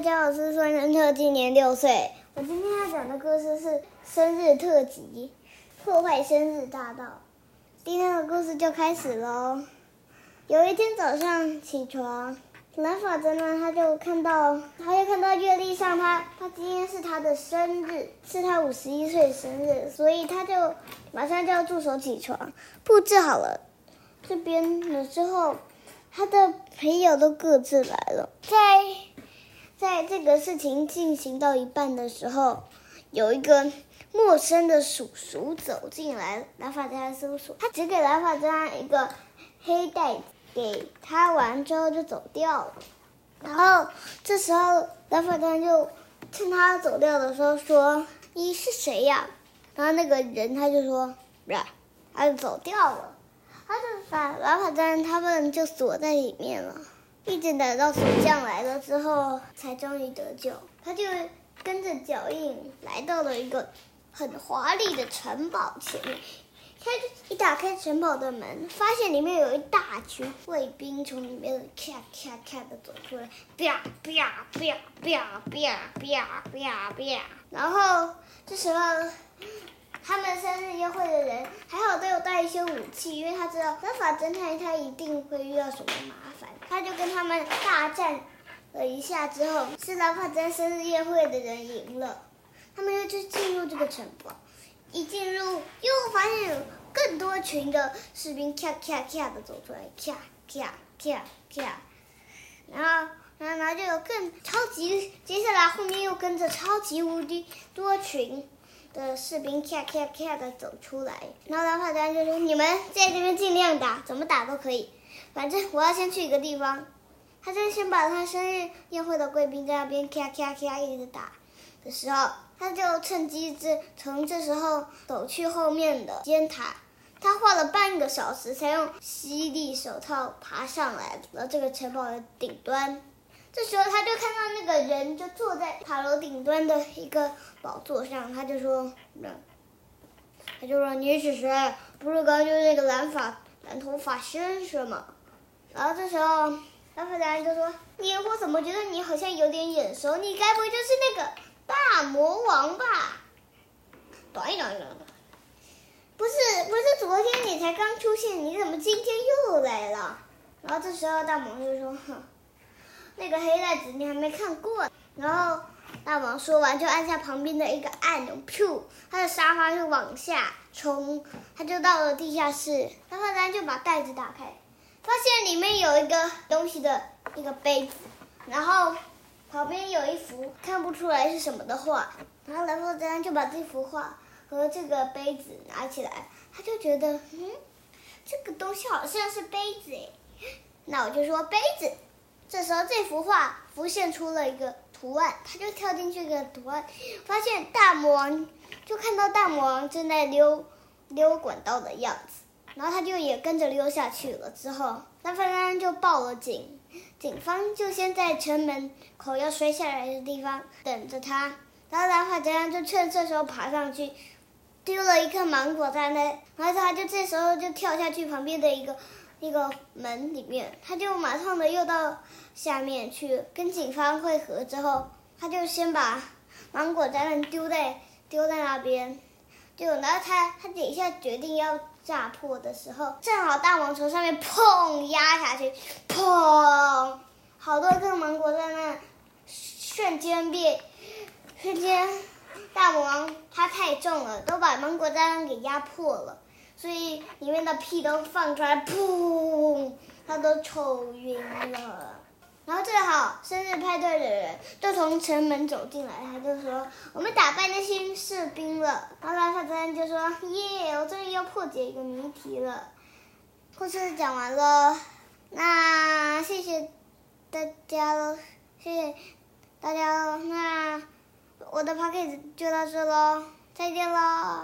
大家好，我是孫森特，今年六歲。我今天要講的故事是《生日特輯：破壞生日大盜》。今天的故事就開始嘍。有一天早上起床，藍法則呢，他就看到，他就看到月曆上他，他他今天是他的生日，是他五十一歲生日，所以他就馬上就要助手起床，布置好了這邊了之後，他的朋友都各自來了，在、okay.。在這個事情進行到一半的時候，有一個陌生的叔叔走進來，藍髮偵探叔叔他只給藍髮偵探一個黑袋子，給他完之後就走掉了。然後這時候，藍髮偵探就趁他走掉的時候說：“你是誰呀、啊？”然後那個人他就說：“不、啊、是，他就走掉了，他就把藍髮偵探他們就鎖在裡面了。”一直等到守將來了之後，才終於得救。他就跟着腳印來到了一個很華麗的城堡前面。他一打開城堡的門，發現裡面有一大群衛兵從裡面的咔咔咔的走出來，啪啪啪啪啪啪啪，然後這時候。他們生日宴會的人還好都有帶一些武器，因為他知道藍髮偵探他一定會遇到什麼麻煩，他就跟他們大戰了一下之後，是藍髮偵探生日宴會的人贏了，他們又去進入這個城堡，一進入又發現有更多群的士兵咔咔咔的走出來，咔咔咔咔，然後然後然後就有更超級，接下來後面又跟着超級無敵多群。的士兵咔咔咔的走出來，然後他大家就說：“你們在這邊儘量打，怎麼打都可以，反正我要先去一個地方。”他就先把他生日宴會的貴賓在那邊咔咔咔一直打的時候，他就趁機子從這時候走去後面的尖塔。他花了半個小時才用吸力手套爬上來了這個城堡的頂端。這時候他就看到那個人就坐在塔樓頂端的一個寶座上，他就說：“他就說你是誰？不是剛，剛就是那個藍髮藍頭髮先生嗎？”然後這時候藍髮男就說：“你我怎麼覺得你好像有點眼熟？你該不會就是那個大魔王吧？”等一等，等一等，不是不是，不是昨天你才剛出現，你怎麼今天又來了？然後這時候大魔王就說：“哼。”那個黑袋子你還沒看過，然後大王說完就按下旁邊的一個按鈕，噗，他的沙發就往下衝，他就到了地下室。然後他就把袋子打開，發現裡面有一個東西的一個杯子，然後旁邊有一幅看不出來是什麼的畫。然後然後他就把這幅畫和這個杯子拿起來，他就覺得，嗯，這個東西好像是杯子，哎，那我就說杯子。這時候，這幅畫浮現出了一個圖案，他就跳進去，個圖案，發現大魔王，就看到大魔王正在溜溜管道的樣子，然後他就也跟着溜下去了。之後，大壞蛋就報了警，警方就先在城門口要摔下來的地方等着他，然後大壞蛋就趁這時候爬上去，丟了一顆芒果在那，然後他就這時候就跳下去旁邊的一個。那個門裡面，他就馬上的又到下面去跟警方會合，之後他就先把芒果炸彈丟在丟在那邊，就然後他他等一下決定要炸破的時候，正好大王從上面砰壓下去，砰，好多顆芒果炸彈，瞬間變瞬間，大魔王他太重了，都把芒果炸彈給壓破了。所以裡面的屁都放出來，砰！他都臭暈了。然後正好生日派對的人就從城門走進來，他就說：“我們打敗那些士兵了。”然後他突然就說：“耶！我終於要破解一個謎題了。”故事講完了，那謝謝大家，謝謝大家，謝謝大家，那我的 podcast 就到這嘍，再見嘍。